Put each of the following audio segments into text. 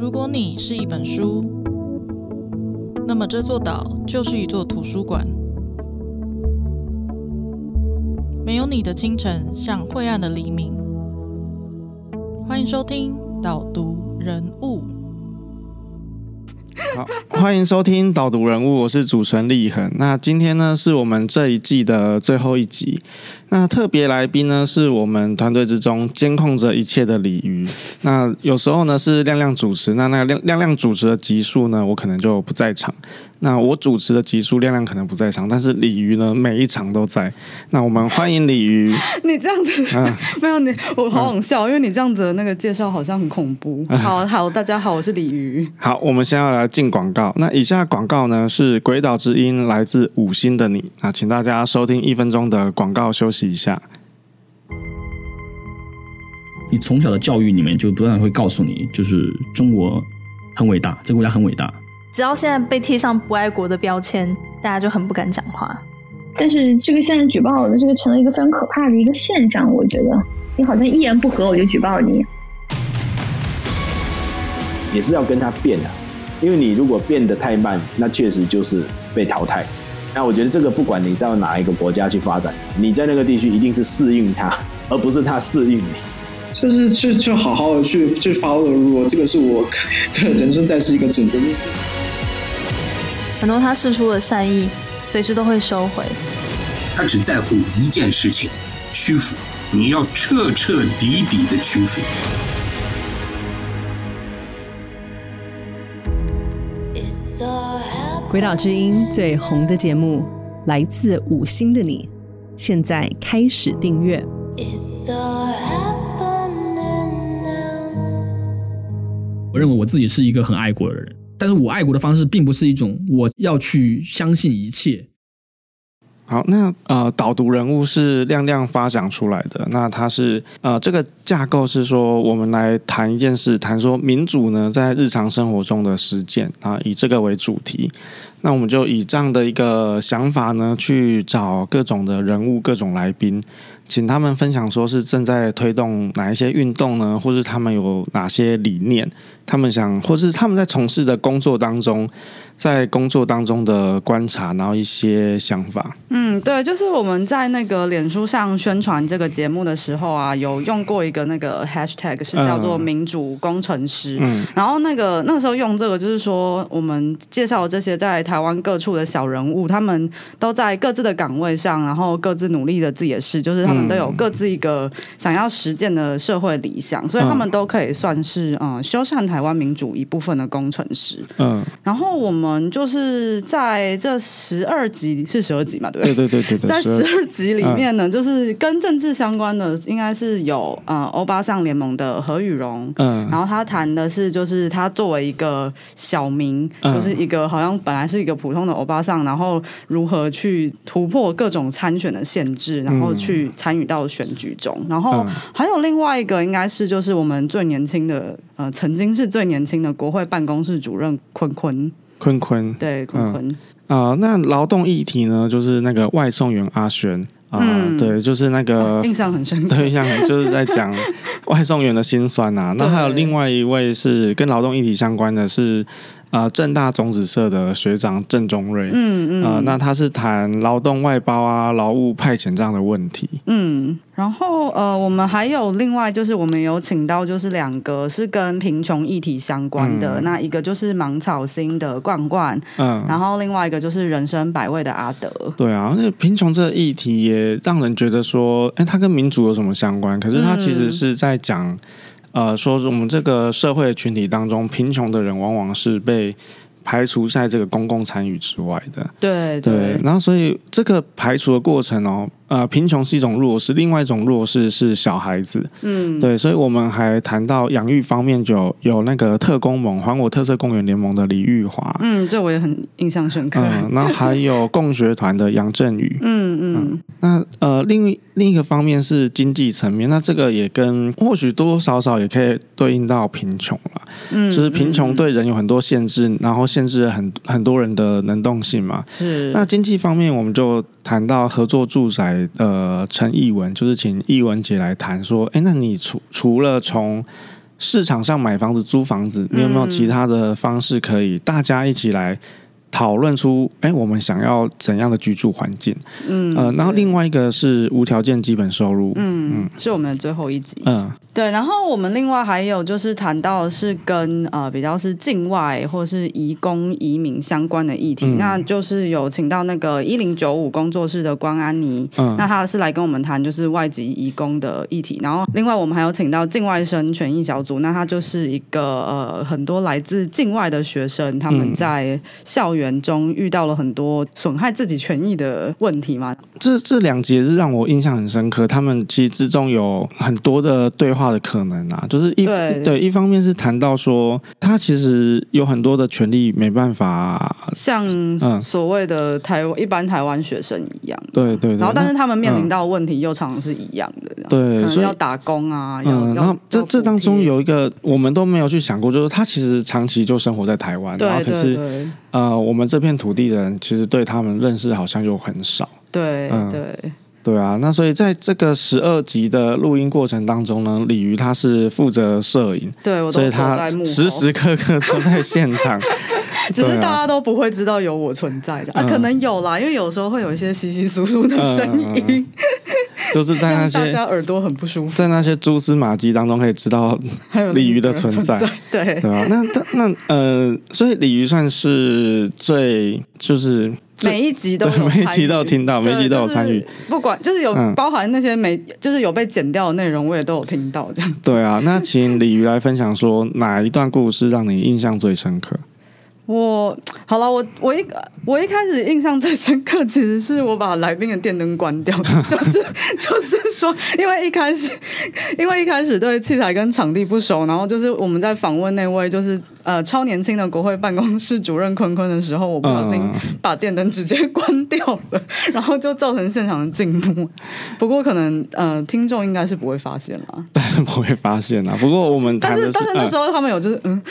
如果你是一本書，那麼這座島就是一座圖書館。沒有你的清晨，像晦暗的黎明。歡迎收聽《導讀人物》。好，歡迎收聽島讀人物，我是主持人立恆。那今天呢，是我們這一季的最後一集。那特別來賓呢，是我們團隊之中監控着一切的鯉魚。那有時候呢，是亮亮主持。那那亮亮主持的集數呢，我可能就不在場。那我主持的集數，亮亮可能不在場，但是鯉魚呢，每一場都在。那我們歡迎鯉魚。你這樣子，嗯、沒有你，我好好笑，嗯、因為你這樣子的那個介紹好像很恐怖。好好，大家好，我是鯉魚。好，我們先要來。進廣告，那以下廣告呢，是《鬼島之音》，來自五星的你啊，那請大家收聽一分鐘的廣告，休息一下。你從小的教育裡面就不斷會告訴你，就是中國很偉大，這個國家很偉大。只要現在被貼上不愛國的標籤，大家就很不敢講話。但是這個現在舉報的這個成了一個非常可怕的一個現象，我覺得你好像一言不合我就舉報你，也是要跟他辯的、啊。因為你如果變得太慢，那確實就是被淘汰。那我覺得這個不管你在哪一個國家去發展，你在那個地區一定是適應它，而不是它適應你。就是去去好好的去去 follow rule，這個是我人生在世一個準則。很多他釋出的善意，隨時都會收回。他只在乎一件事情：屈服。你要徹徹底底的屈服。《鬼島之音》最紅的節目來自五星的你，現在開始訂閱。我認為我自己是一個很愛國的人，但是我愛國的方式並不是一種我要去相信一切。好，那呃，島讀人物是亮亮發展出來的。那他是呃，這個架構是說，我們來談一件事，談說民主呢在日常生活中的實踐啊，以這個為主題。那我們就以這樣的一個想法呢，去找各種的人物、各種來賓。請他們分享說是正在推動哪一些運動呢？或是他們有哪些理念？他們想，或是他們在從事的工作當中，在工作當中的觀察，然後一些想法。嗯，對，就是我們在那個臉書上宣傳這個節目的時候啊，有用過一個那個 hashtag 是叫做“民主工程師”。嗯。然後那個那時候用這個，就是說我們介紹這些在台灣各處的小人物，他們都在各自的崗位上，然後各自努力的自己的事，就是他們，嗯、都有各自一個想要實踐的社會理想，所以他們都可以算是嗯，嗯，修繕台灣民主一部分的工程師。嗯，然後我們就是在這十二集是十二集嘛，對不對？對對對對，對，在十二集裡面呢，嗯、就是跟政治相關的，應該是有呃歐巴桑聯盟的何雨榮，嗯，然後他談的是就是他作為一個小民，嗯、就是一個好像本來是一個普通的歐巴桑，然後如何去突破各種參選的限制，然後去參。參與到選舉中，然後還有另外一個，應該是就是我們最年輕的，呃，曾經是最年輕的國會辦公室主任坤坤，坤坤，坤坤對，坤坤啊、呃呃。那勞動議題呢，就是那個外送員阿璇啊，呃嗯、對，就是那個、哦、印象很深刻，印象就是在講外送員的心酸啊 那還有另外一位是跟勞動議題相關的是。呃，政大種子社的學長鄭中瑞、嗯，嗯嗯，呃，那他是談勞動外包啊、勞務派遣這樣的問題，嗯，然後呃，我們還有另外就是我們有請到就是兩個是跟貧窮議題相關的，嗯、那一個就是芒草心的罐罐，嗯，然後另外一個就是人生百味的阿德、嗯，對啊，那貧窮這個議題也讓人覺得說，哎，他跟民主有什麼相關？可是他其實是在講。嗯呃，說我們這個社會群體當中，貧窮的人往往是被排除在這個公共參與之外的。對對，對，然後所以這個排除的過程哦。呃，貧窮是一種弱勢，另外一種弱勢是小孩子。嗯，對，所以我們還談到養育方面就，就有那個特公盟，還我特色公園聯盟的李玉華。嗯，這我也很印象深刻。嗯，然後還有共學團的楊振宇。 嗯嗯。那呃，另另一個方面是經濟層面，那這個也跟或許多多少少也可以對應到貧窮了。嗯，就是貧窮對人有很多限制，然後限制了很很多人的能動性嘛。是。那經濟方面，我們就。談到合作住宅，呃，陳藝文就是請藝文姐來談說，哎、欸，那你除除了從市場上買房子，租房子，你有沒有其他的方式可以大家一起來討論出，哎、欸，我們想要怎樣的居住環境？嗯、呃，然後另外一個是無條件基本收入，對嗯，是我們的最後一集，嗯。對，然後我們另外還有就是談到是跟呃比較是境外或是移工移民相關的議題，嗯、那就是有請到那個一零九五工作室的關安妮，嗯、那她是來跟我們談就是外籍移工的議題，然後另外我們還有請到境外生權益小組，那他就是一個呃很多來自境外的學生，他們在校園中遇到了很多損害自己權益的問題嘛、嗯。這這兩節是讓我印象很深刻，他們其實之中有很多的對話的可能啊，就是一，對，一方面是談到說，他其實有很多的權利沒辦法像所謂的台灣一般台灣學生一樣，對對。然後，但是他們面臨到的問題又常常是一樣的，對，可能要打工啊，然後這這當中有一個我們都沒有去想過，就是他其實長期就生活在台灣，然後可是呃，我們這片土地的人其實對他們認識好像又很少，對對。對啊，那所以在這個十二集的錄音過程當中呢，鯉魚他是負責攝影，對，我都在，所以他時時刻刻都在現場， 只是、啊、大家都不會知道有我存在的，啊、可能有啦，嗯、因為有時候會有一些稀稀疏疏的聲音，嗯、就是在那些大家耳朵很不舒服，在那些蛛絲馬跡當中可以知道還有鯉魚的存在，對，對啊，那那呃，所以鯉魚算是最就是。就每一集都有參與，每一集都有聽到，每一集都有參與，就是、不管就是有包含那些沒，嗯、就是有被剪掉的內容，我也都有聽到。這樣對啊，那請鯉魚來分享說哪一段故事讓你印象最深刻？我。好了，我我一個我一開始印象最深刻，其實是我把來賓的電燈關掉，就是就是說，因為一開始因為一開始對器材跟場地不熟，然後就是我們在訪問那位就是呃超年輕的國會辦公室主任坤坤的時候，我不小心、嗯、把電燈直接關掉了，然後就造成現場的靜默。不過可能呃聽眾應該是不會發現啦， 不會發現了不過我們是但是但是那時候他們有就是嗯，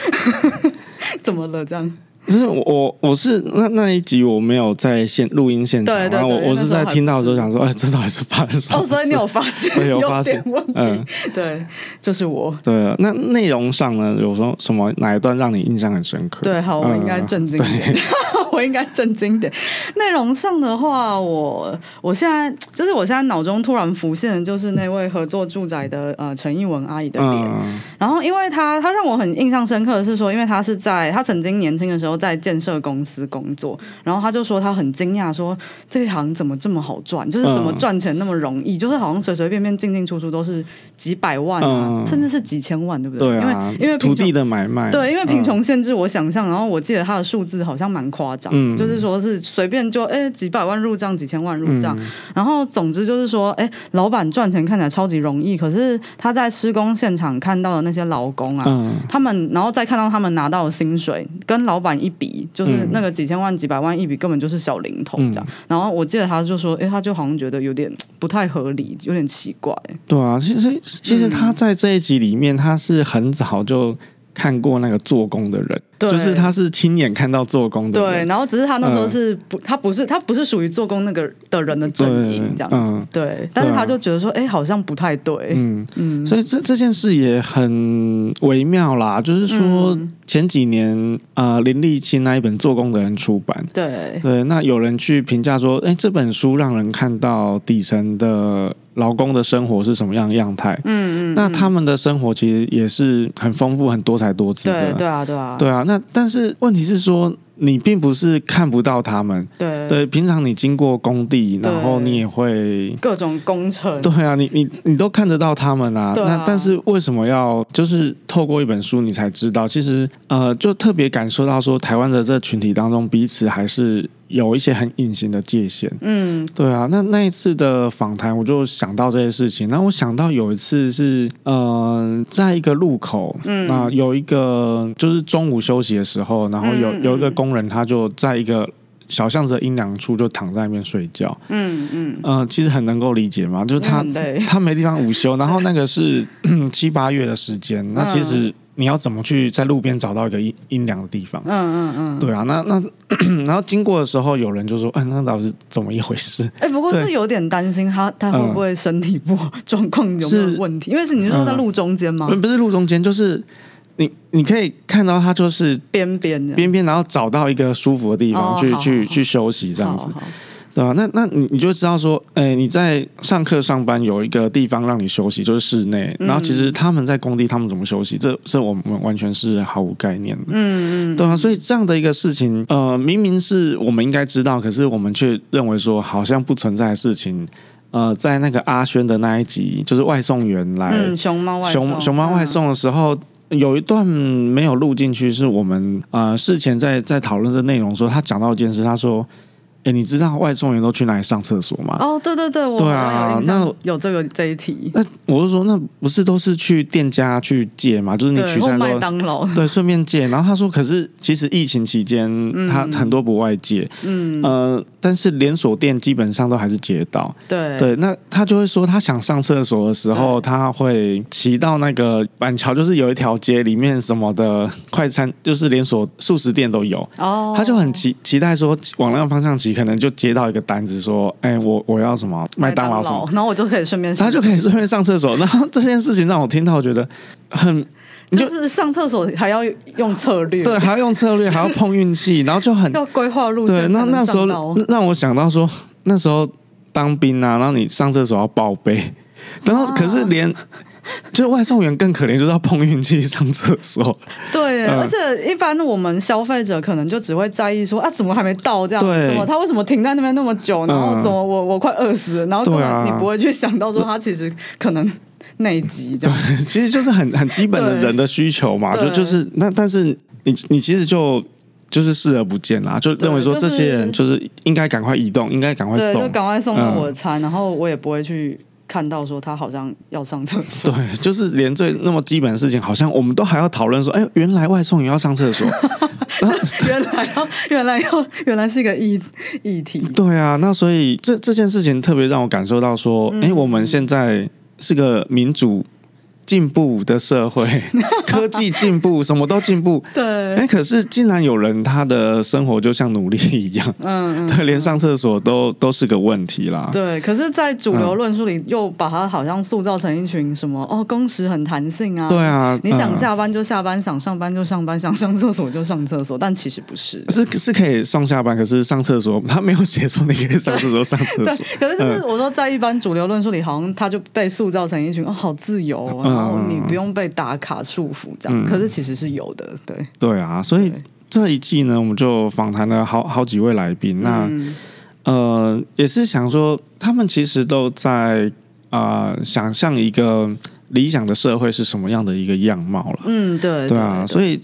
怎麼了這樣？就是我我我是那那一集我沒有在現錄音現場，對，對對，我我是在聽到的時候，時候想說，哎、欸，這到底是發生什麼？哦、oh, 是，所以你有發現？我有發現，問題、嗯、對，就是我。對、啊，那內容上呢，有時候什麼哪一段讓你印象很深刻？對，好，我應該正經我應該正經點。內容上的話，我我現在就是我現在腦中突然浮現的就是那位合作住宅的呃陳藝文阿姨的臉，嗯、然後因為她她讓我很印象深刻的是說，因為她是在她曾經年輕的時候。在建設公司工作，然後他就說他很驚訝說，說這一行怎麼這麼好賺，就是怎麼賺錢那麼容易，就是好像隨隨便便進進出出都是幾百萬啊，嗯、甚至是幾千萬，對不對？對啊、因為因為土地的買賣，對，因為貧窮限制我想象。然後我記得他的數字好像蠻誇張，嗯、就是說是隨便就哎幾百萬入賬，幾千萬入賬。嗯、然後總之就是說，哎，老闆賺錢看起來超級容易，可是他在施工現場看到的那些勞工啊，嗯、他們，然後再看到他們拿到的薪水，跟老闆。一筆就是那個幾千萬、幾百萬一筆，根本就是小零頭這樣。嗯、然後我記得他就說：“哎、欸，他就好像覺得有點不太合理，有點奇怪、欸。”對啊，其實其實他在這一集裡面，嗯、他是很早就。看過那個做工的人，對就是他是親眼看到做工的人。對，然後只是他那時候是不，嗯、他不是他不是屬於做工那個的人的陣營這樣子。對，嗯、對，但是他就覺得說，哎、啊欸，好像不太對。嗯嗯，嗯所以這這件事也很微妙啦。就是說前幾年啊、嗯呃，林立青那一本《做工的人》出版，對對，那有人去評價說，哎、欸，這本書讓人看到底層的。勞工的生活是什麼樣的樣態？嗯，嗯嗯，那他們的生活其實也是很豐富、很多彩多姿的。對，對啊，對啊，對啊。那但是問題是說，你並不是看不到他們。對對，平常你經過工地，然後你也會各種工程。對啊，你你你都看得到他們啊。 對啊。那但是為什麼要就是透過一本書你才知道？其實呃，就特別感受到說，台灣的這群體當中彼此還是。有一些很隱形的界限，嗯，對啊。那那一次的訪談，我就想到這些事情。然後我想到有一次是，呃，在一個路口，嗯，那有一個就是中午休息的時候，然後有、嗯嗯、有一個工人，他就在一個小巷子的陰涼處就躺在那邊睡覺，嗯嗯，嗯呃，其實很能夠理解嘛，就是他、嗯、對他沒地方午休，然後那個是 七八月的時間，那其實。嗯你要怎麼去在路邊找到一個陰陰涼的地方？嗯嗯嗯，嗯嗯對啊，那那咳咳然後經過的時候，有人就說：“哎，那到底是怎麼一回事？”哎、欸，不過是有點擔心他對他會不會身體不、嗯、狀況有、有問題？是因為是你是說在路中間嗎、嗯？不是路中間，就是你你可以看到他就是邊邊邊邊，然後找到一個舒服的地方、哦、去去去休息這樣子。好好好對那、啊、那，你你就知道說，哎，你在上課上班有一個地方讓你休息，就是室內。嗯、然後其實他們在工地，他們怎麼休息？這是我們完全是毫無概念的。嗯嗯，對啊。所以這樣的一個事情，呃，明明是我們應該知道，可是我們卻認為說好像不存在的事情。呃，在那個阿軒的那一集，就是外送員來、嗯、熊貓外熊熊貓外送的時候，嗯、有一段沒有錄進去，是我們啊、呃、事前在在討論這內容時候，他講到一件事，他說。哎、欸，你知道外送員都去哪裡上廁所嗎？哦，對對對，對啊、我有印象有這個那這一題。那我就說，那不是都是去店家去借嗎？就是你取餐麥當勞。對，順便借。然後他說，可是其實疫情期間，嗯、他很多不外借。嗯呃，但是連鎖店基本上都還是借到。對對，那他就會說，他想上廁所的時候，對他會騎到那個板橋，就是有一條街裡面什麼的快餐，就是連鎖速食店都有。哦，他就很期期待說，往那個方向騎。可能就接到一個單子，說：“哎、欸，我我要什麼麥當勞什麼勞，然後我就可以順便上，他就可以順便上廁所。然後這件事情讓我聽到我覺得很，就，就是上廁所還要用策略，對，還要用策略，還要碰運氣，然後就很要規劃路線。那那時候讓我想到說，那時候當兵啊，然後你上廁所要報備，然後可是連。啊”就外送員更可憐，就是要碰運氣上廁所。對，嗯、而且一般我們消費者可能就只會在意說啊，怎麼還沒到這樣？對，他為什麼停在那邊那麼久？然後怎麼我、嗯、我快餓死了？然後你不會去想到說他其實可能內急這樣。對，其實就是很很基本的人的需求嘛，對就就是那但是你你其實就就是視而不見啦，就認為說、就是、這些人就是應該趕快移動，應該趕快送，對就趕快送、嗯、到我的餐，然後我也不會去。看到說他好像要上廁所，對，就是連最那麼基本的事情， 好像我們都還要討論說，哎、欸，原來外送也要上廁所， 啊、原來要， 原來要，原來是一個議議題。對啊，那所以這這件事情特別讓我感受到說，哎、嗯欸，我們現在是個民主。進步的社會，科技進步，什麼都進步。 對。哎、欸，可是竟然有人他的生活就像奴隸一樣，嗯,嗯對，連上廁所都都是個問題啦。對。可是，在主流論述裡，嗯、又把他好像塑造成一群什麼？哦，工時很彈性啊。對啊。你想下班就下班，嗯、想上班就上班，想上廁所就上廁所。但其實不是。是是可以上下班，可是上廁所他沒有寫說你可以上廁所上廁所。可是就是我說，在一般主流論述裡，嗯、好像他就被塑造成一群哦，好自由啊。嗯哦，你不用被打卡束縛這樣，嗯、可是其實是有的，對。對啊，所以這一季呢，我們就訪談了好好幾位來賓，那、嗯、呃，也是想說，他們其實都在啊、呃，想象一個理想的社會是什麼樣的一個樣貌了。嗯，對。對啊，對對，所以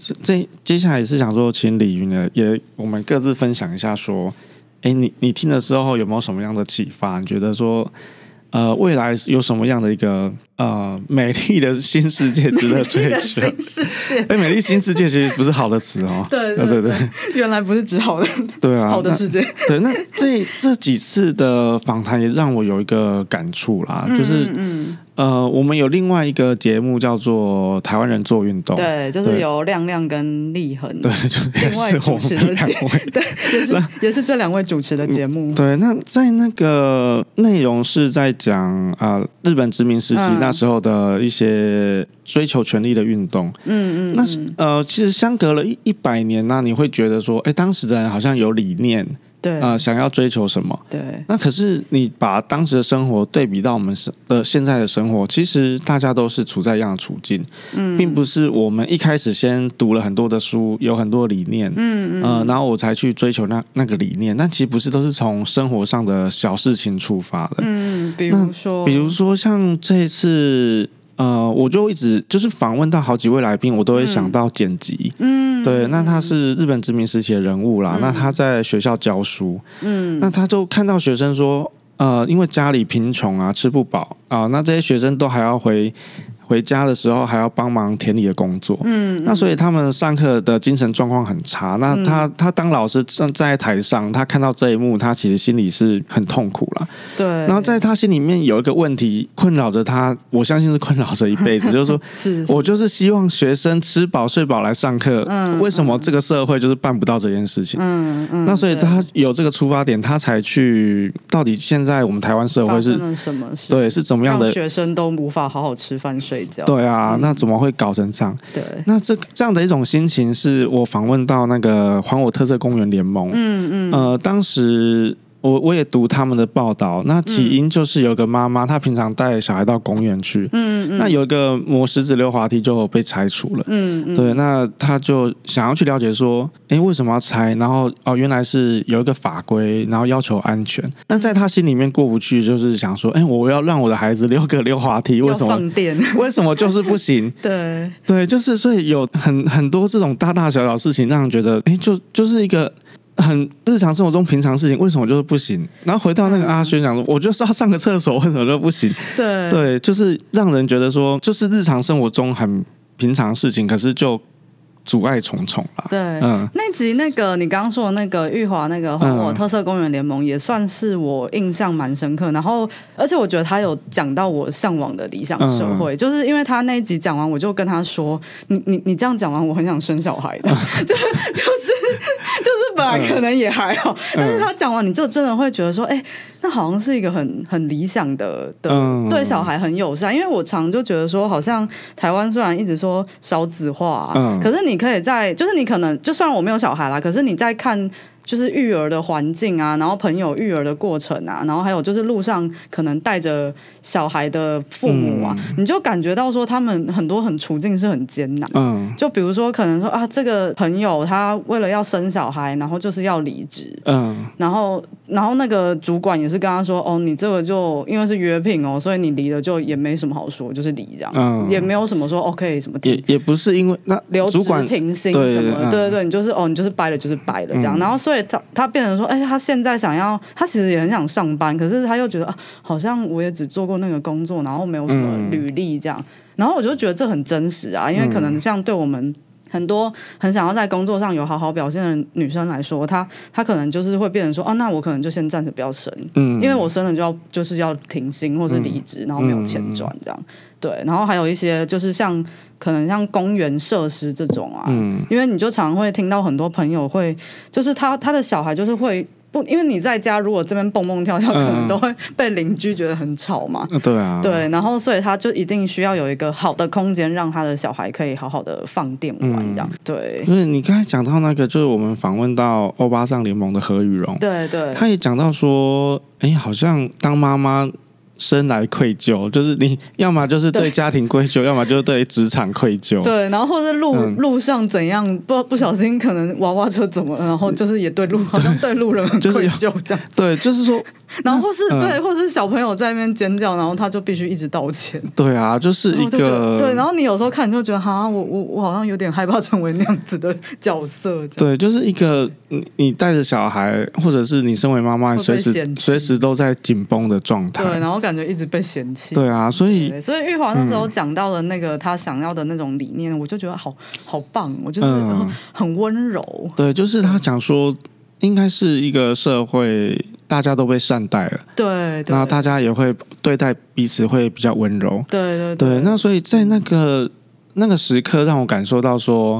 這接下來也是想說，請鯉魚呢，也我們各自分享一下，說，哎、欸，你你聽的時候有沒有什麼樣的啟發？你覺得說。呃，未來有什麼樣的一個呃美麗的新世界值得追尋？新世界。哎、 欸，美麗新世界其實不是好的詞哦， 對,對對對，原來不是指好的，對啊，好的世界。對，那這這幾次的訪談也讓我有一個感觸啦， 就是嗯,嗯,嗯。呃，我們有另外一個節目叫做《台灣人做運動》，對，就是由亮亮跟立恆，對，另外主持的節目， 對，也是也是這兩位主持的節目。對，那在那個內容是在講啊、呃，日本殖民時期那時候的一些追求權利的運動。嗯，嗯嗯，那呃，其實相隔了一一百年，啊，那你會覺得說，哎、欸，當時的人好像有理念。對啊，呃，想要追求什麼？對，那可是你把當時的生活對比到我們的現在的生活，其實大家都是處在一樣的處境。嗯，並不是我們一開始先讀了很多的書，有很多理念。嗯，嗯，呃，然後我才去追求那那個理念，但其實不是都是從生活上的小事情出發的。嗯，比如說，比如說像這次。呃，我就一直就是訪問到好幾位來賓，我都會想到簡吉。嗯，對，那他是日本殖民時期的人物啦，嗯、那他在學校教書。嗯，那他就看到學生說，呃，因為家裡貧窮啊，吃不飽啊、呃，那這些學生都還要回。回家的時候還要幫忙田裡的工作，嗯，嗯，那所以他們上課的精神狀況很差。嗯、那他他當老師站在台上，他看到這一幕，他其實心裡是很痛苦了。對。然後在他心裡面有一個問題困擾着他，我相信是困擾着一輩子，呵呵就是說，是是我就是希望學生吃飽睡飽來上課，嗯、為什麼這個社會就是辦不到這件事情？嗯嗯。嗯，那所以他有這個出發點，他才去，到底現在我們台灣社會是，對，是怎麼樣的？學生都無法好好吃飯學。對，對啊，嗯、那怎麼會搞成這樣？對，那這這樣的一種心情，是我訪問到那個“還我特色公園聯盟”嗯。嗯嗯，呃，當時。我我也讀他們的報道，那起因就是有個媽媽，嗯、她平常帶小孩到公園去，嗯嗯、那有一個磨石子溜滑梯就被拆除了。嗯，嗯對，那她就想要去了解說，哎，為什麼要拆？然後哦，原來是有一個法規，然後要求安全。那在她心裡面過不去，就是想說，哎，我要讓我的孩子溜個溜滑梯，為什麼？放電為什麼就是不行？ 對對，就是所以有很很多這種大大小小事情，讓人覺得，哎，就就是一個。很日常生活中平常事情，為什麼就是不行？然後回到那個阿軒講說，嗯、我就是要上個廁所，為什麼就不行？對對，就是讓人覺得說，就是日常生活中很平常事情，可是就阻礙重重了。對，嗯，那集那個你剛剛說的那個玉華那個，哇，嗯、我特色公園聯盟也算是我印象蠻深刻。然後，而且我覺得他有講到我嚮往的理想社會，嗯、就是因為他那一集講完，我就跟他說，你你你這樣講完，我很想生小孩的，嗯、就就是。 就是本來可能也還好，嗯、但是他講完你就真的會覺得說，哎、嗯欸，那好像是一個很很理想的的、嗯、對小孩很友善、啊。因為我常就覺得說，好像台灣雖然一直說少子化、啊，嗯、可是你可以在，就是你可能就算我沒有小孩啦，可是你在看。就是育兒的環境啊，然後朋友育兒的過程啊，然後還有就是路上可能帶着小孩的父母啊，嗯、你就感覺到說他們很多很處境是很艱難，嗯，就比如說可能說啊，這個朋友他為了要生小孩，然後就是要離職，嗯，然後然後那個主管也是跟他說，哦，你這個就因為是約聘哦，所以你離了就也沒什麼好說，就是離這樣，嗯，也沒有什麼說 OK、哦、什麼，也也不是因為那留主管停薪什麼，對，了對對對，嗯、你就是哦，你就是掰了就是掰了這樣，嗯、然後所以。他他變成說，哎、欸，他現在想要，他其實也很想上班，可是他又覺得啊，好像我也只做過那個工作，然後沒有什麼履歷這樣，嗯、然後我就覺得這很真實啊，因為可能像對我們很多很想要在工作上有好好表現的女生來說，她她可能就是會變成說，哦、啊，那我可能就先暫時不要生，嗯，因為我生了就要就是要停薪或是離職，嗯、然後沒有錢賺這樣。對，然後還有一些就是像可能像公園設施這種啊，嗯，因為你就常會聽到很多朋友會，就是他他的小孩就是會不，因為你在家如果這邊蹦蹦跳跳，嗯、可能都會被鄰居覺得很吵嘛。嗯、對啊，對，然後所以他就一定需要有一個好的空間，讓他的小孩可以好好的放電玩這樣。嗯、對，所以你剛才講到那個，就是我們訪問到歐巴桑聯盟的何雨榮，對對，對他也講到說，哎，好像當媽媽。生來愧疚，就是你要麼就是對家庭愧疚，要麼就是對職場愧疚，對，然後或者路路上怎樣不不小心，可能娃娃車怎麼了，然後就是也對路好像對路人很愧疚這樣，對，就是說，然後是對，或是小朋友在那邊尖叫，然後他就必須一直道歉，對啊，就是一個，對，然後你有時候看你就覺得哈，我我我好像有點害怕成為那樣子的角色，對，就是一個你你帶着小孩，或者是你身為媽媽，隨時隨時都在緊繃的狀態，對，然後。感覺一直被嫌棄。對啊，所以對對所以玉華那時候講到了那個他想要的那種理念，嗯、我就覺得好好棒，我就是很溫柔、嗯。對，就是他講說，應該是一個社會，大家都被善待了。對，那大家也會對待彼此會比較溫柔。對對對，對。那所以在那個、嗯、那個時刻，讓我感受到說，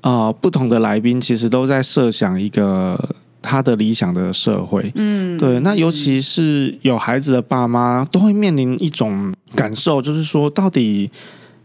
啊、呃，不同的來賓其實都在設想一個。他的理想的社會，嗯，對。那尤其是有孩子的爸媽，都會面臨一種感受，就是說，到底，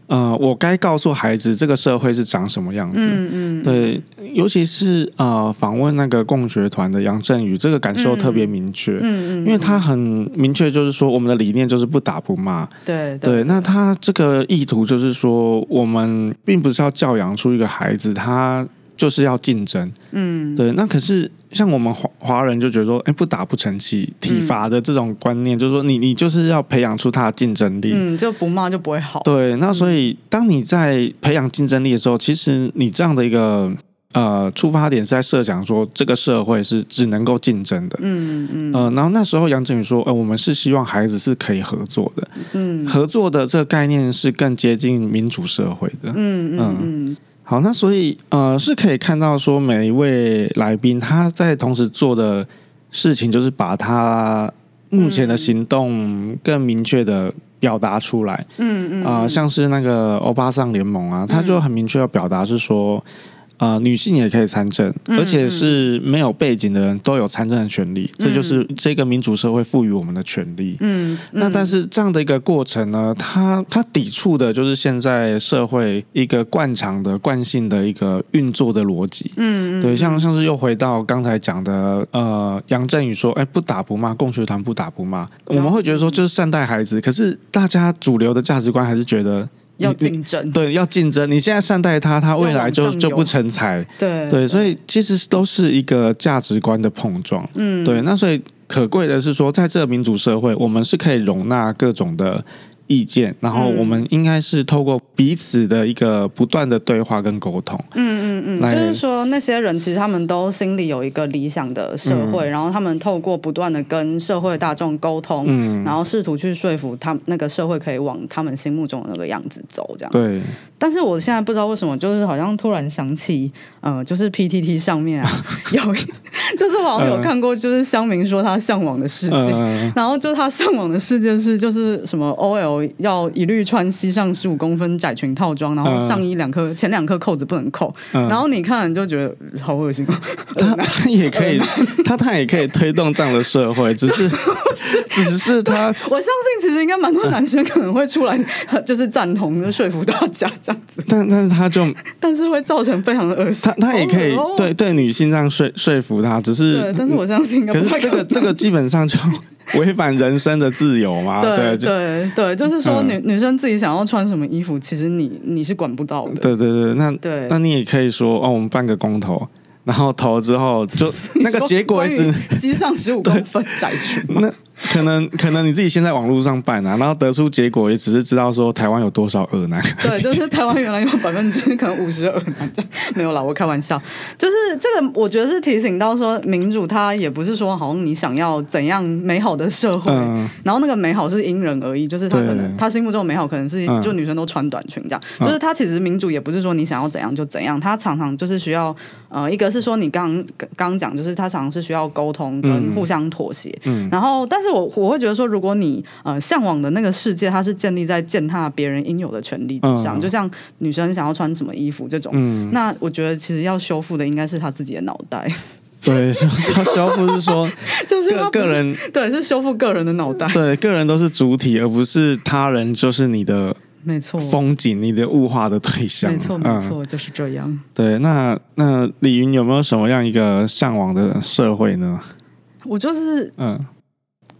呃，我該告訴孩子這個社會是長什麼樣子？嗯，嗯。對，尤其是呃，訪問那個共學團的楊振宇，這個感受特別明確。嗯嗯。因為他很明確，就是說，我們的理念就是不打不罵。對，對，對。那他這個意圖就是說，我們並不是要教養出一個孩子，他就是要競爭。嗯。對，那可是。像我們華華人就覺得說，哎，不打不成器，體罰的這種觀念，嗯、就是說你，你你就是要培養出他的競爭力。嗯，就不罵就不會好。對，那所以當你在培養競爭力的時候，嗯、其實你這樣的一個呃出發點是在設想說，這個社會是只能夠競爭的。嗯嗯嗯、呃。然後那時候楊振宇說、呃，我們是希望孩子是可以合作的。嗯，合作的這個概念是更接近民主社會的。嗯嗯嗯。嗯嗯好，那所以呃，是可以看到說每一位來賓，他在同時做的事情，就是把他目前的行動更明確的表達出來。嗯嗯，啊、呃，像是那個歐巴桑聯盟啊，他就很明確要表達是說。嗯嗯啊、呃，女性也可以參政，嗯嗯，而且是沒有背景的人都有參政的權利，嗯、這就是這個民主社會賦予我們的權利。嗯，嗯，那但是這樣的一個過程呢，它它抵觸的就是現在社會一個慣常的慣性的一個運作的邏輯。嗯，嗯，嗯，對，像像是又回到剛才講的，呃，楊振宇說，哎，不打不罵，共學團不打不罵，這樣，我們會覺得說就是善待孩子，可是大家主流的價值觀還是覺得。你要競爭，對，要競爭。你現在善待他，他未來就就不成才。對對，對，所以其實都是一個價值觀的碰撞。嗯，對。那所以可貴的是說，在這個民主社會，我們是可以容納各種的意見，然後我們應該是透過彼此的一個不斷的對話跟溝通，嗯嗯嗯，嗯嗯來就是說那些人其實他們都心裡有一個理想的社會，嗯、然後他們透過不斷的跟社會大眾溝通，嗯、然後試圖去說服他那個社會可以往他們心目中的那個樣子走，這樣。對。但是我現在不知道為什麼，就是好像突然想起，呃、就是 P T T 上面啊， 有就是網友看過，就是鄉民說他向往的世界，呃、然後就他向往的世界是就是什麼 O L。要一律穿膝上十五公分窄裙套裝，然後上衣兩顆前兩顆釦子不能扣，然後你看就覺得好噁心。他他也可以，他他也可以推動這樣的社會，只是只是他，我相信其實應該蠻多男生可能會出來，就是贊同說服大家這樣子。但但是他就，但是會造成非常的噁心。他他也可以對對女性這樣說說服他，只是，對，但是我相信，可是這個這個基本上就。違反人身的自由嘛？ 對對就對，對，就是說女、嗯、女生自己想要穿什麼衣服，其實你你是管不到的。對對對，那對那,那你也可以說哦，我們辦個公投，然後投了之後就 說那個結果一直膝上十五公分窄裙。 那。可能可能你自己先在網絡上辦啊，然後得出結果也只是知道說台灣有多少惡男。對，就是台灣原來有百分之可能五十的惡男。沒有啦，我開玩笑。就是這個，我覺得是提醒到說民主它也不是說好像你想要怎樣美好的社會，嗯、然後那個美好是因人而異。就是他可能他心目中的美好可能是就女生都穿短裙這樣。嗯、就是他其實民主也不是說你想要怎樣就怎樣，他常常就是需要呃一個是說你剛剛剛講就是他常常是需要溝通跟互相妥協，嗯嗯、然後但是。我我會覺得說，如果你呃嚮往的那個世界，它是建立在踐踏別人應有的權利之上，就像女生想要穿什麼衣服這種，那我覺得其實要修復的應該是他自己的腦袋。對，要修復是說，就是個人，對，是修復個人的腦袋。對，個人都是主體，而不是他人，就是你的沒錯，風景，你的物化的對象，沒錯，沒錯，就是這樣。對，那那鯉魚有沒有什麼樣一個嚮往的社會呢？我就是嗯。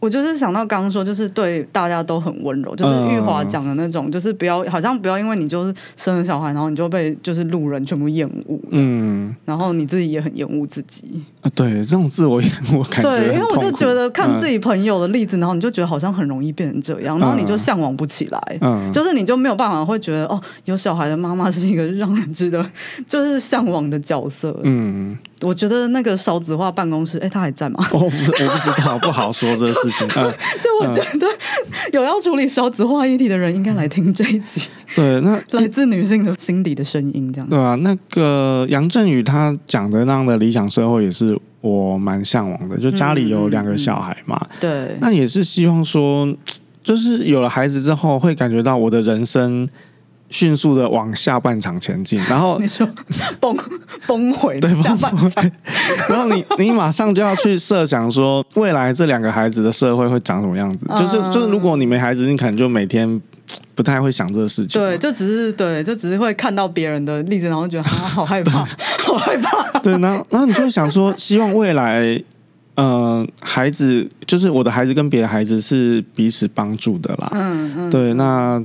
我就是想到剛剛說，就是對大家都很溫柔，就是玉華講的那種，就是不要，好像不要因為你就是生了小孩，然後你就被就是路人全部厭惡，嗯，然後你自己也很厭惡自己啊，對，這種自我厭惡感覺，對，因為我就覺得看自己朋友的例子，嗯，然後你就覺得好像很容易變成這樣，然後你就向往不起來，嗯，就是你就沒有辦法會覺得哦，有小孩的媽媽是一個讓人值得就是向往的角色，嗯。我覺得那個少子化辦公室，哎、欸，他還在嗎？我、哦、我不知道，不好說這個事情 就。就我覺得、嗯、有要處理少子化議題的人，應該來聽這一集。對，那來自女性的心底的聲音，這樣對啊。那個楊振宇他講的那樣的理想社會，也是我蠻嚮往的。就家裡有兩個小孩嘛，嗯嗯嗯、對，那也是希望說，就是有了孩子之後，會感覺到我的人生。迅速的往下半場前進，然後你說崩崩毀對崩毀然後你你馬上就要去設想說未來這兩個孩子的社會會長什麼樣子，嗯、就是就是如果你沒孩子，你可能就每天不太會想這個事情，對，就只是對，就只是會看到別人的例子，然後覺得啊好害怕，好害怕，對,害怕對，然後然後你就會想說，希望未來嗯、呃，孩子就是我的孩子跟別的孩子是彼此幫助的啦，嗯嗯，嗯對，那。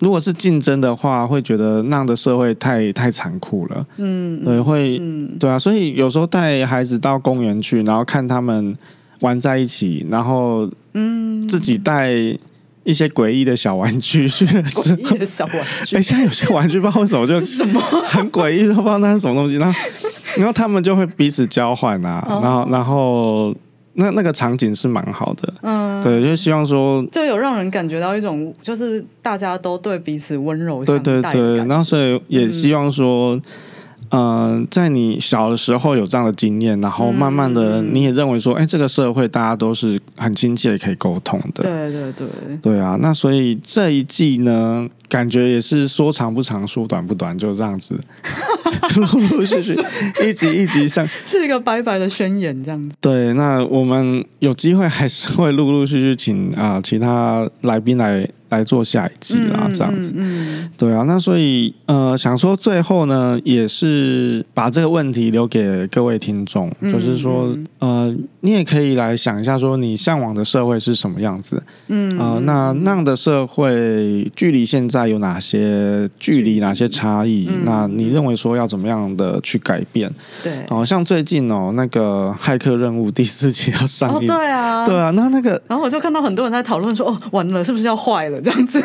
如果是競爭的話，會覺得那樣的社會太太殘酷了。嗯，對，會，嗯、對啊，所以有時候帶孩子到公園去，然後看他們玩在一起，然後，嗯，自己帶一些詭異的小玩具，嗯、是詭異的小玩具。哎， 現在有些玩具不知道為什麼就什麼很詭異，不知,不知道那是什麼東西，然後， 然後他們就會彼此交換啊，哦、然後，然後。那那個場景是蠻好的，嗯，對，就希望說，就有讓人感覺到一種，就是大家都對彼此溫柔相待的感覺，對對對，然後所以也希望說，嗯、呃，在你小的時候有這樣的經驗，然後慢慢的你也認為說，哎、嗯，這個社會大家都是很親切，可以溝通的，對對對，對啊，那所以這一季呢，感覺也是說長不長，說短不短，就這樣子。 陸陸 續續一集一集上，是一個白白的宣言這樣子。對，那我們有機會還是會陸陸續續請啊、呃、其他來賓來來做下一季啦，這樣子。嗯，嗯，嗯，嗯，對啊，那所以呃想說最後呢，也是把這個問題留給各位聽眾，嗯嗯就是說呃你也可以來想一下，說你向往的社會是什麼樣子？嗯啊、嗯呃，那那樣的社會距離現在有哪些距離，距離哪些差異？嗯嗯那你認為說要怎麼樣的去改變？對，好、哦、像最近哦，那個《駭客任務》第四集要上映、哦，對啊，對啊。那那個，然後我就看到很多人在討論說，哦，完了，是不是要壞了這樣子？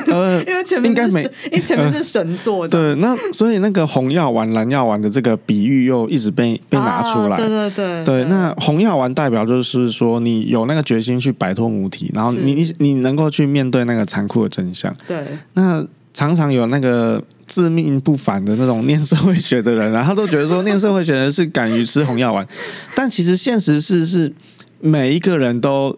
因為前面應該沒，因為前面是神作。呃、神對，那所以那個紅藥丸、藍藥丸的這個比喻又一直被被拿出來。啊、對對對對，對，對，那紅藥丸代表就是說，你有那個決心去擺脫母體，然後你是你能夠去面對那個殘酷的真相。對，那常常有那個。自命不凡的那種念社會學的人、啊，他都覺得說念社會學的人是敢於吃紅藥丸，但其實現實是是每一個人都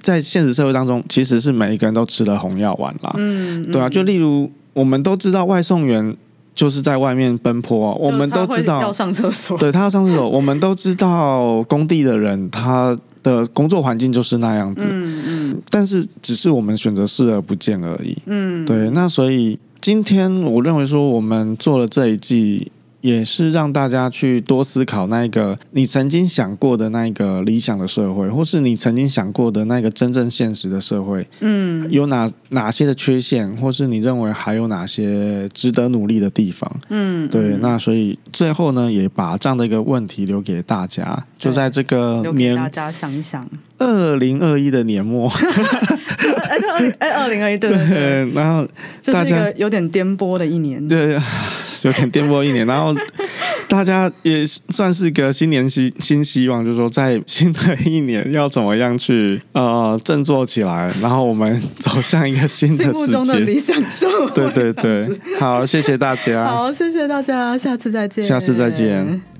在現實社會當中，其實是每一個人都吃了紅藥丸了。嗯，對啊，嗯、就例如我們都知道外送員就是在外面奔波，我們都知道他要上廁所，對他要上廁所，我們都知道工地的人他的工作環境就是那樣子。嗯嗯，嗯但是只是我們選擇視而不見而已。嗯，對，那所以。今天我認為說我們做了這一季，也是讓大家去多思考那個你曾經想過的那個理想的社會，或是你曾經想過的那個真正現實的社會，嗯，有哪哪些的缺陷，或是你認為還有哪些值得努力的地方？嗯，嗯對。那所以最後呢，也把這樣的一個問題留給大家，對就在這個年，大家想一想，二零二一的年末。 哎，二哎二零二一，對，對，對，對，然後大家就是個有點顛簸的一年，對，有點顛簸一年， 然後大家也算是個新年希新希望，就是說在新的一年要怎麼樣去呃振作起來，然後我們走向一個新的世界，心目中的理想 對對對， 好，謝謝大家，好，謝謝大家，下次再見，下次再見。